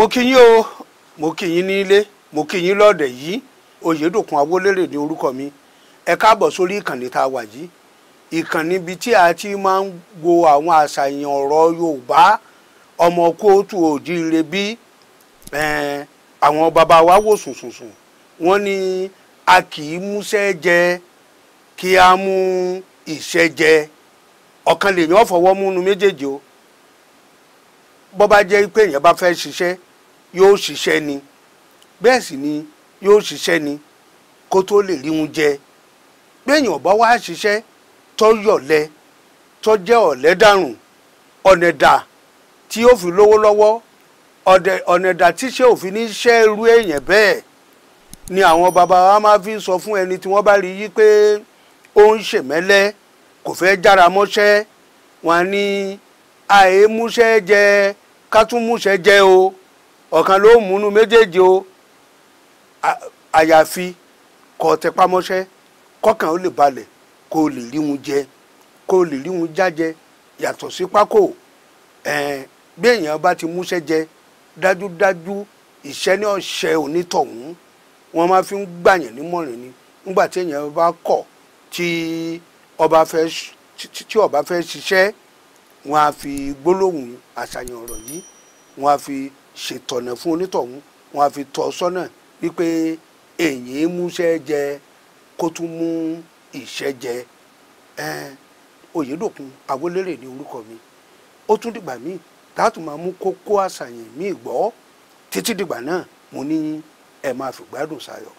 mo kí yín o mo kí yín nílé mo kí yín lọ́ọ̀dẹ̀ yìí oyèdòkun awolérè ní orúkọ mi ẹ káàbọ̀ sórí ìkànnì tá a wà yìí ìkànnì ibi tí a ti máa ń wo àwọn àṣàyàn ọ̀rọ̀ yorùbá ọmọ kóòtù òjíire bí àwọn bàbá wa wò sùnsùnsùn wọ́n ní a kì í múṣẹ́ jẹ kí a mú ìṣẹ́ jẹ ọ̀kan lèèyàn fọwọ́ múnú méjèèjì o bó bá jẹ́ pé èèyàn bá fẹ́ ṣiṣẹ́ yóò ṣiṣẹ́ ni bẹ́ẹ̀ sì ni yóò ṣiṣẹ́ ni kó tó lè ríhun jẹ gbẹ̀yìn ọ̀bá wá ṣiṣẹ́ tó yọ̀lẹ tó jẹ́ ọ̀lẹ dàrùn ọ̀nẹ̀dà tí ó fi lówó lọ́wọ́ ọ̀nẹ̀dà tíṣẹ́ òfin ní ṣẹ́ irú èèyàn bẹ́ẹ̀ ni àwọn baba wa máa fi sọ fún ẹni tí wọ́n bá rí yí pé ó ń ṣèmẹ́lẹ́ kò fẹ́ jára mọ́ṣẹ́ wọn ni àìmúṣẹ́ jẹ ká tún múṣẹ́ jẹ o ọ̀kan ló múnú méjèèjì o àyàfi kó tẹpámọ́ṣẹ́ kọ́kàn ó lè balẹ̀ kó o lè rí wọn jẹ kó o lè rí wọn jájẹ yàtọ̀ sí pákó ẹ̀ẹ́n bí èèyàn bá ti múṣẹ́ jẹ dájúdájú ìṣẹ́ ní ọ̀ṣẹ́ onítọ̀hún wọ́n máa fi ń gbàyàn nímọ̀ràn ni nígbà tí èèyàn bá kọ̀ tí ọba fẹ́ tí ọba fẹ́ ṣiṣẹ́ wọ́n á fi gbólóhùn àṣàyàn ọ̀rọ̀ yìí wọ́n á fi ṣètọ̀nà fún onítọ̀hún wọn á fi tọ́ sọ́nà wípé èyí múṣẹ́ jẹ kó tún mú ìṣẹ́ jẹ Oyèdòkun Awolere ní orúkọ mi ó tún dìgbà míì táàtù máa mú kókó àṣàyàn míì gbọ́ títí dìgbà náà mo ní ẹ máa fi gbádùn sáyọ̀.